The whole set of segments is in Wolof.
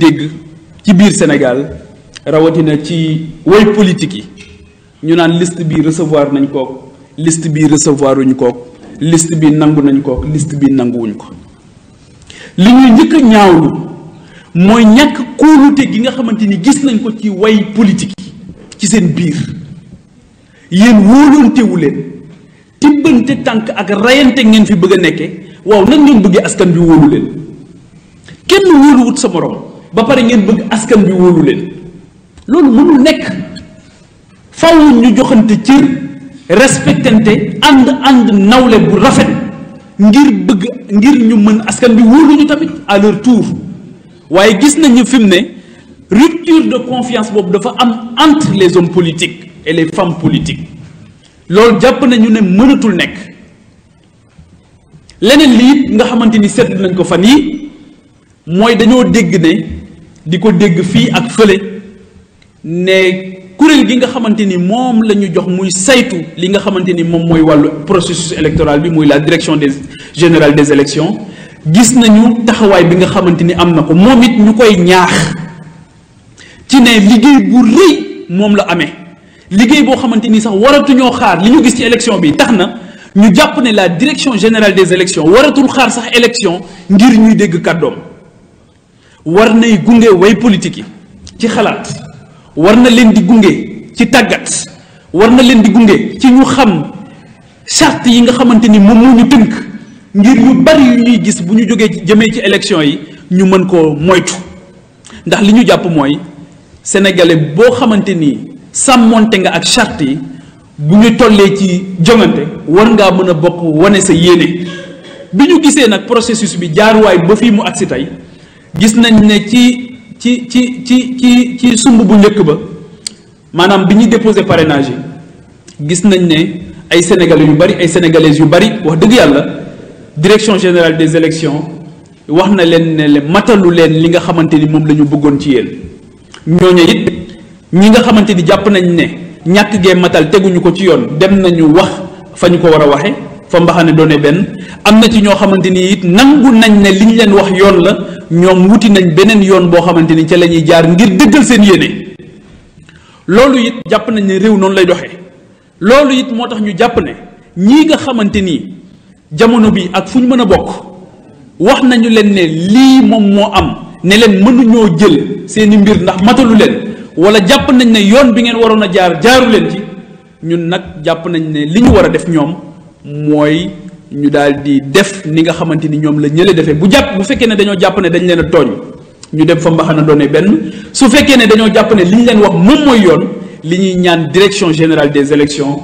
dégg ci biir Sénégal rawatina ci woy politique yi ñu naan liste bi recevoir nañ kook liste bi recevoir wuñ kook liste bi nangu nañ kook liste bi nanguwuñ ko li ñuy njëkk a ñaawlu mooy ñàkk kóolute gi nga xamante ni gis nañ ko ci way politique yi ci seen biir yéen wóolontewu leen tibbante tànk ak rayante ngeen fi bëgg a nekke waaw nag ngeen bëggee askan bi wóolu leen kenn wóoluwut sa morom ba pare ngeen bëgg askan bi wóolu leen loolu mënul nekk faw ñu joxante cër respectante ànd ànd nawle bu rafet ngir bëgg ngir ñu mën askan bi wóolu ñu tamit à leur tour waaye gis nañu fi mu ne rupture de confiance boobu dafa am entre les hommes politiques et les femmes politiques loolu jàpp nañu ne mënatul nekk leneen lii nga xamante ni seetlu nañ ko fan yi mooy dañoo dégg ne di ko dégg fii ak fële ne kuréel gi nga xamante ni moom la ñu jox muy saytu li nga xamante ni moom mooy wàllu processus électoral bi muy la direction des général des élections gis nañu taxawaay bi nga xamante ni am na ko moom it ñu koy ñaax ci ne liggéey bu rëy moom la amee liggéey boo xamante ni sax waratuñoo xaar li ñu gis ci élection bi tax na ñu jàpp ne la direction général des élections waratul xaar sax élection ngir ñuy dégg kàddoom war nay gunge way politique yi ci xalaat war na leen di gunge ci tàggat war na leen di gunge ci ñu xam charte yi nga xamante ni moom moo ñu tënk ngir yu bari yu ñuy gis bu ñu jógee jëmee ci élection yi ñu mën koo moytu ndax li ñu jàpp mooy sénégalais boo xamante ni sàmmoonte nga ak charte yi bu ñu tollee ci jongante war ngaa mën a bokk wane sa yéene bi ñu gisee nag processus bi jaaruwaay ba fii mu agsi tey gis nañ ne ci ci ci ci ci ci sumb bu njëkk ba maanaam bi ñuy déposé parrainage yi gis nañ ne ay sénégalais yu bari ay sénégalaises yu bari wax dëgg yàlla direction générale des élections wax na leen ne le matalu leen li nga xamante ni moom la ñu bëggoon ci yéen ñooñu it ñi nga xamante ni jàpp nañ ne ñàkk gee matal teguñu ko ci yoon dem nañu wax fa ñu ko war a waxe fa mbaxane doone benn am na ci ñoo xamante ni it nangu nañ ne liñ leen wax yoon la ñoom wuti nañ beneen yoon boo xamante ni ci la ñuy jaar ngir dëggal seen yéene loolu it jàpp nañ ne réew noonu lay doxee loolu it moo tax ñu jàpp ne ñii nga xamante ni jamono bi ak fu ñu mën a bokk wax nañu leen ne lii moom moo am ne leen mënuñoo jël seeni mbir ndax matalu leen wala jàpp nañ ne yoon bi ngeen waroon a jaar jaaru leen ji ñun nag jàpp nañ ne li ñu war a def ñoom mooy ñu daal di def ni nga xamante ni ñoom la ñële defee bu jàpp bu fekkee ne dañoo jàpp ne dañ leen a tooñ ñu dem fa mbaxana doone benn su fekkee ne dañoo jàpp ne li ñu leen wax moom mooy yoon li ñuy ñaan direction générale des élections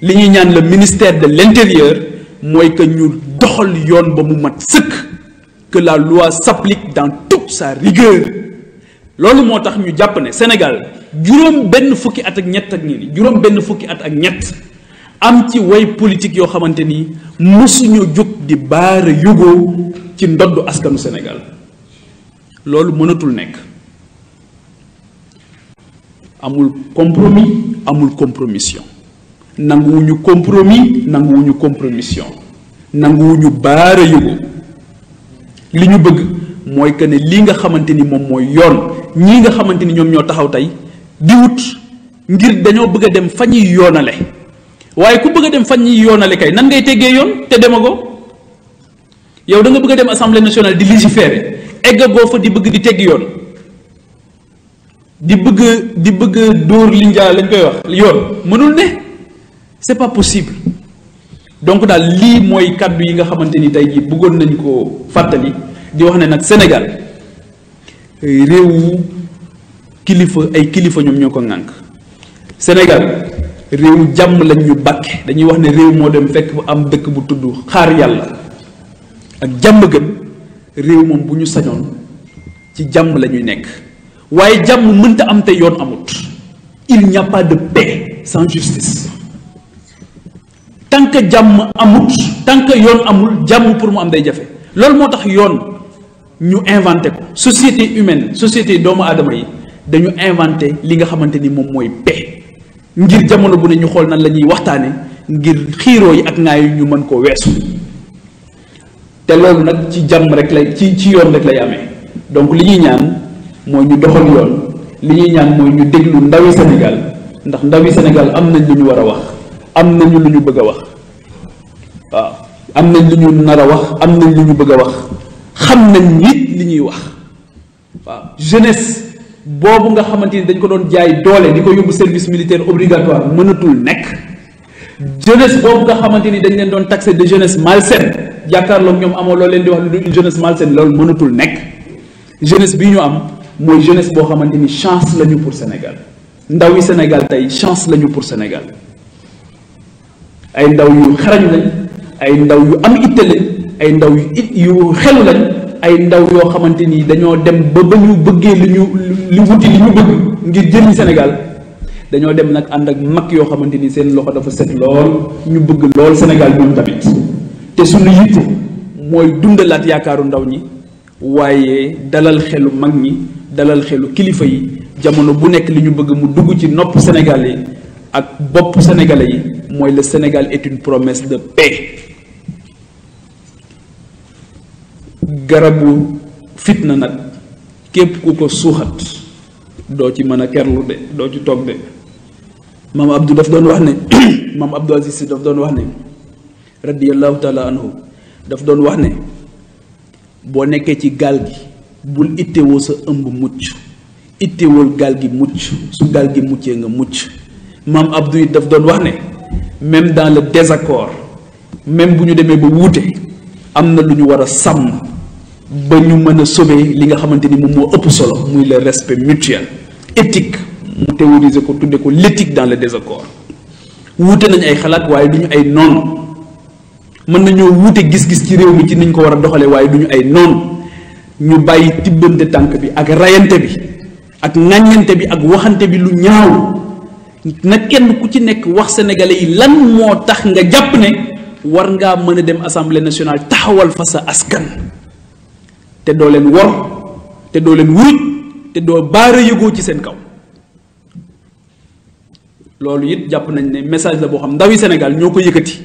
li ñuy ñaan le ministère de l'intérieur mooy que ñu doxal yoon ba mu mat sëkk que la loi s'applique dans toute sa rigueur loolu moo tax ñu jàpp ne Sénégal juróom benn fukki at ak ñett ak ñi juróom benn fukki at ak ñett am ci way politique yoo xamante ni mësuñu jóg di baara yugoo ci ndoddu askanu senegal loolu mënatul nekk amul compromis amul compromission nanguwuñu compromis nanguwuñu compromission nanguwuñu baara yugoo li ñu bëgg mooy que ne lii nga xamante ni moom mooy yoon ñii nga xamante ni ñoom ñoo taxaw tey diwut ngir dañoo bëgg a dem fa ñuy yoonale waaye ku bëgg a dem fan ñi yoonale kay nan ngay teggee yoon te demagoo yow danga nga bëgg a dem assemblée nationale di légiférer eggagoo fa di bëgg di tegg yoon di bëgg di bëgg a dóor li lañ koy wax yoon mënul ne c'est pas possible donc daal lii mooy kàddu yi nga xamante ni tey jii bëggoon nañ ko fàttali di wax ne nag Sénégal réewu kilifa ay kilifa ñoom ñoo ko nànk Sénégal réew jàmm lañ ñu bàkke dañuy wax ne réew moo dem fekk bu am dëkk bu tudd xaar yàlla ak jàmm gën réew moom bu ñu sañoon ci jàmm lañuy nekk waaye jàmm mënta am te yoon amut il n'y a pas sans justice tant que jàmm amut tant que yoon amul jàmm pour mu am day jafe loolu moo tax yoon ñu inventé ko société humaine société doomu aadama yi dañu inventé li nga xamante ni moom mooy paix ngir jamono bu ne ñu xool nan la ñuy waxtaane ngir xiiroo yi ak ŋaay yi ñu mën koo weesu te loolu nag ci jàmm rek lay ci ci yoon rek lay amee donc li ñuy ñaan mooy ñu doxal yoon li ñuy ñaan mooy ñu déglu ndawi Sénégal ndax ndawi Sénégal am nañ lu ñu war a wax am nañu lu ñu bëgg a wax waaw am nañ lu ñu nar a wax am nañ lu ñu bëgg a wax xam nañ nit li ñuy wax waaw jeunesse boobu nga xamante ni dañ ko doon jaay doole di ko yóbbu service militaire obligatoire mënatul nekk jeunesse boobu nga xamante ni dañ leen doon taxé de jeunes malsaine jàkkaarloog ñoom amoo loo leen di wax lu dul une jeunesse malsaine loolu mënatul nekk jeunesse bi ñu am mooy jeunesse boo xamante ni chance lañu pour Sénégal ndaw yi Sénégal tey chance lañu pour Sénégal ay ndaw yu xarañ lañ ay ndaw yu am itte ay ndaw yu it yu xelu lañ. ay ndaw yoo xamante ni dañoo dem ba ba ñu bëggee li ñu li wuti li ñu bëgg ngir jëriñ Sénégal dañoo dem nag ànd ak mag yoo xamante ni seen loxo dafa set lool ñu bëgg lool Sénégal ñoom tamit te suñu yitte mooy dundalaat yaakaaru ndaw ñi waaye dalal xelu mag ñi dalal xelu kilifa yi jamono bu nekk li ñu bëgg mu dugg ci nopp Sénégal yi ak bopp sénégalais yi mooy le Sénégal est une promesse de paix. garabu fitna nag képp ku ko suuxat doo ci mën a kerlu de doo ci toog de maam Abdou daf doon wax ne maam Abdou Aziz si daf doon wax ne radiyallahu taala anhu daf doon wax ne boo nekkee ci gaal gi bul ittewoo sa ëmb mucc ittewool gaal gi mucc su gaal gi muccee nga mucc maam Abdou it daf doon wax ne même dans le désaccord même bu ñu demee ba wuute am na lu ñu war a sàmm ba ñu mën a sauver li nga xamante ni moom moo ëpp solo muy le respect mutuel éthique mu théoriser ko tudde ko l'éthique dans le désaccord wuute nañ ay xalaat waaye du ñu ay noon mën nañoo wuute gis-gis ci réew mi ci niñ ko war a doxalee waaye du ñu ay noon ñu bàyyi tibbante tànk bi ak rayante bi ak ŋàññante bi ak waxante bi lu ñaaw na kenn ku ci nekk wax sénégalais yi lan moo tax nga jàpp ne war ngaa mën a dem assemblée nationale taxawal fa sa askan te doo leen wor te doo leen wuruj te doo baara yëgoo ci seen kaw loolu it jàpp nañ ne message la boo xam ndawi senegal ñoo ko yëkkati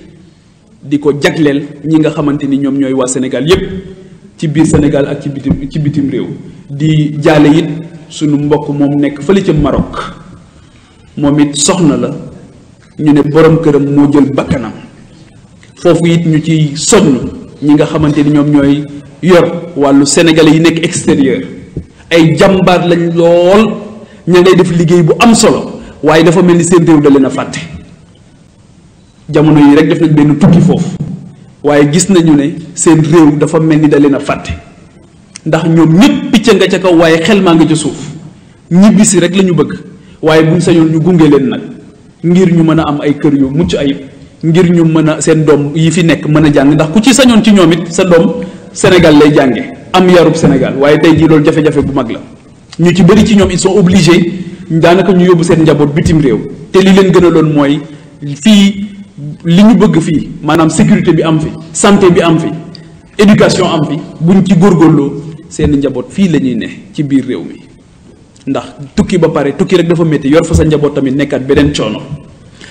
di ko jagleel ñi nga xamante ni ñoom ñooy waa senegal yépp ci biir Sénégal ak ci bitim réew di jaale it suñu mbokk moom nekk fële ca Maroc moom it soxna la ñu ne boroom këram moo jël bakkanam foofu it ñu ci sonn ñi nga xamante ni ñoom ñooy yor wàllu sénégalais yi nekk extérieur ay jàmbaat lañu lool ña ngay def liggéey bu am solo waaye dafa mel ni seen réew da a fàtte jamono yi rek def nañ benn tukki foofu waaye gis nañu ne seen réew dafa mel ni da leen a fàtte ndax ñoom ñëpp picc nga ca kaw waaye xel maa ngi ca suuf ñibbisi rek lañu bëgg waaye buñ sañoon ñu gunge leen nag ngir ñu mën a am ay kër yu mucc ayib ngir ñu mën a seen doom yi fi nekk mën a jàng ndax ku ci sañoon ci ñoom it sa doom Sénégal lay jànge am yarub Sénégal waaye tey jii loolu jafe-jafe bu mag la ñu ci bëri ci ñoom ils soo obligés daanaka ñu yóbbu seen njaboot bitim réew te li leen gën a loon mooy fii li ñu bëgg fii maanaam sécurité bi am fi santé bi am fi éducation am fi buñ ci góor góorloo seen njaboot fii la ñuy ne ci biir réew mi ndax tukki ba pare tukki rek dafa métti yor fa sa njaboot tamit nekkaat beneen coono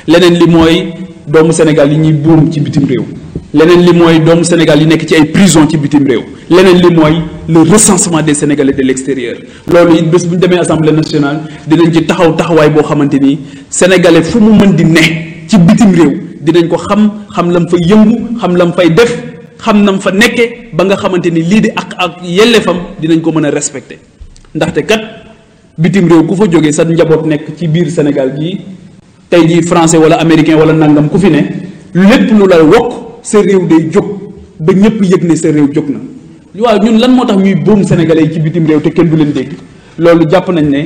leneen li mooy doomu Sénégal yi ñuy buum ci bitim réew leneen li mooy doomu Sénégal yi nekk ci ay prison ci bitim réew leneen li mooy le recensement des Sénégalais de l'extérieur loolu it bés bu ñu demee assemblée nationale dinañ ci taxaw taxawaay boo xamante ni sénégalais fu mu mën di ne ci bitim réew dinañ ko xam xam lam fa yëngu xam lam fay def xam nam fa nekke ba nga xamante ni lii de ak ak yelleefam dinañ ko mën a respecter ndaxte kat bitim réew ku fa jógee sa njaboot nekk ci biir Sénégal gii. tey jii français wala américain wala nangam ku fi ne lépp lu la wokk sa réew day jóg ba ñépp yëg ne sa réew jóg na waaw ñun lan moo tax ñuy boom sénégalais yi ci bitim réew te kenn du leen dégg loolu jàpp nañ ne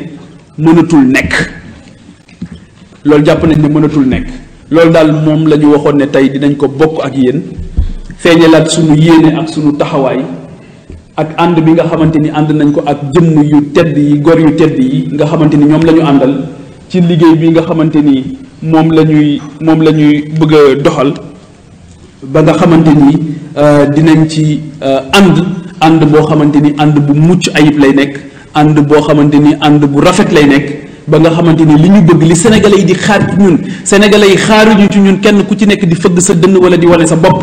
mënatul nekk loolu jàpp nañ ne mënatul nekk loolu daal moom la waxoon ne tey dinañ ko bokk ak yéen feeñalaat suñu yéene ak suñu taxawaay ak ànd bi nga xamante ni ànd nañ ko ak jëmm yu tedd yi gor yu tedd yi nga xamante ni ñoom lañu àndal ci liggéey bi nga xamante ni moom la ñuy moom la ñuy bëgg a doxal ba nga xamante ni euh, dinañ ci euh, ànd ànd boo xamante ni ànd bu mucc ayib lay nekk ànd boo xamante ni ànd bu rafet lay nekk ba nga xamante ni li ñu bëgg li sénégalais yi di xaar ci ñun sénégalais yi xaaruñu ci ñun kenn ku ci nekk di fëgg sa dënn wala di wane sa bopp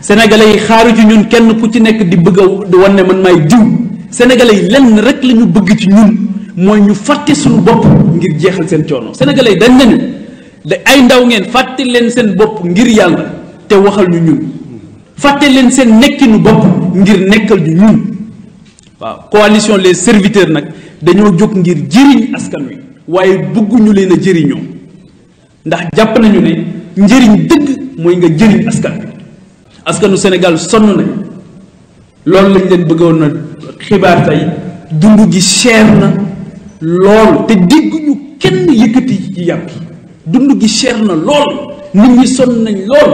sénégalais yi xaaru ci ñun kenn ku ci nekk di bëgg a wane man maay diw sénégalais yi lenn rek la ñu bëgg ci ñun. mooy ñu fàtte suñu bopp ngir jeexal seen coono sénégalais dañ nañu da ay ndaw ngeen fàtte leen seen bopp ngir yàlla te waxal ñu ñun fàtte leen seen nekkinu bopp ngir nekkal ñu ñun waaw coalition les serviteurs nag dañoo jóg ngir jëriñ askan wi waaye bëgguñu leen a jëriñoo ndax jàpp nañu ne njëriñ dëgg mooy nga jëriñ askan wi askanu senegal sonn nañu loolu lañ leen bëggoon a xibaar tey dund gi cher na lool te dégguñu kenn yëkkati ci yàpp yi dund ki cher na lool nit ñi sonn nañ lool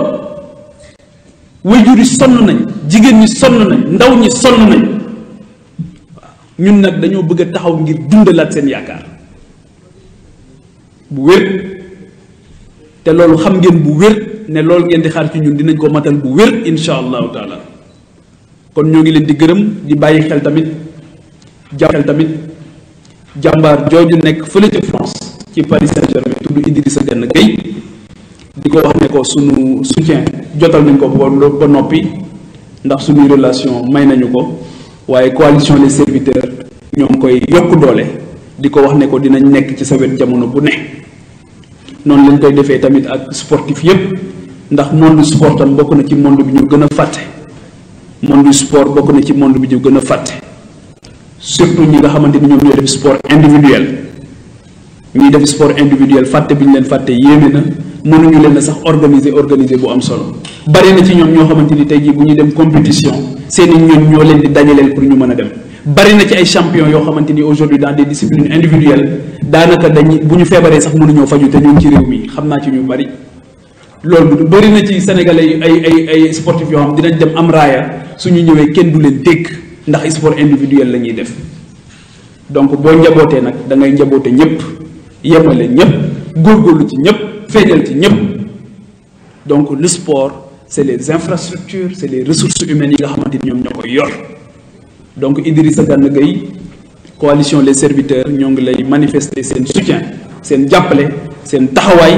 wayjur yi sonn nañ jigéen ñi sonn nañ ndaw ñi sonn nañ ñun nag dañoo bëgg taxaw ngir dundalaat seen yaakaar bu wér te loolu xam ngeen bu wér ne loolu ngeen di xaar ci ñun dinañ koo matal bu wér insha allahu taala kon ñoo ngi leen di gërëm di bàyyi xel tamit jàpp xel tamit jàmbaar jooju nekk fële ca France ci Paris Saint-Germain tudd Idrissa Gana Gueye di ko wax ne ko suñu soutien jotal nañ ko ba noppi ndax suñuy relation may nañu ko waaye coalition des serviteurs ñoo ngi koy yokk doole di ko wax ne ko dinañ nekk ci sa wet jamono bu ne noonu lañ koy defee tamit ak sportif yépp ndax monde sport tam bokk na ci monde bi ñu gën a fàtte monde sport bokk na ci monde bi ñu gën a fàtte surtout ñi nga xamante ni ñoom ñooy def sport individuel ñuy def sport individuel fàtte bi ñu leen fàtte yéeme na mënuñu leen a sax organiser organiser bu am solo bari na ci ñoom ñoo xamante ni tey jii bu ñu dem compétition seeni ñoom ñoo leen di dajaleel pour ñu mën a dem barina ci ay champion yoo xamante ni aujourd'hui dans des disciplines individuelles daanaka dañuy bu ñu feebaree sax mënuñoo faju te ñun ci réew mi xam naa ci ñu bari loolu bari na ci sénégalais ay ay ay sportifs yoo xam dinañ dem am raaya suñu ñëwee kenn du leen dégg. ndax sport individuel la ñuy def donc boo njabootee nag da ngay njaboote ñëpp yemale ñëpp góorgóorlu ci ñëpp feeñal ci ñëpp donc lu sport c' est les infrastructures c' est les ressources humaines yi nga xamante ni ñoom ñoo koy yor donc Idrissa Gana Gueye coalition les serviteurs ñoo ngi lay manifester seen soutien seen jàppale seen taxawaay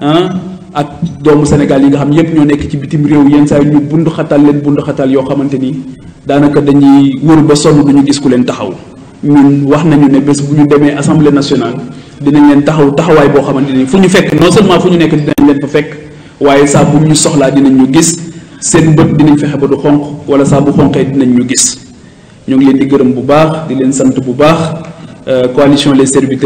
ah ak doomu Sénégal yi nga xam yépp ñoo nekk ci bitim réew yenn saa yi ñu bund xatal leen bund xatal yoo xamante ni daanaka dañuy wër ba sonn ñu gis ku leen taxaw ñun wax nañu ne bés bu ñu demee assemblée nationale dinañ leen taxaw taxawaay boo xamante ni fu ñu fekk non seulement fu ñu nekk dinañ leen fa fekk waaye saa bu ñu soxlaa dinañ ñu gis seen bët dinañ fexe ba du xonq wala saa bu xonqee dinañ ñu gis ñoo ngi leen di gërëm bu baax di leen sant bu baax euh, coalition les serviteurs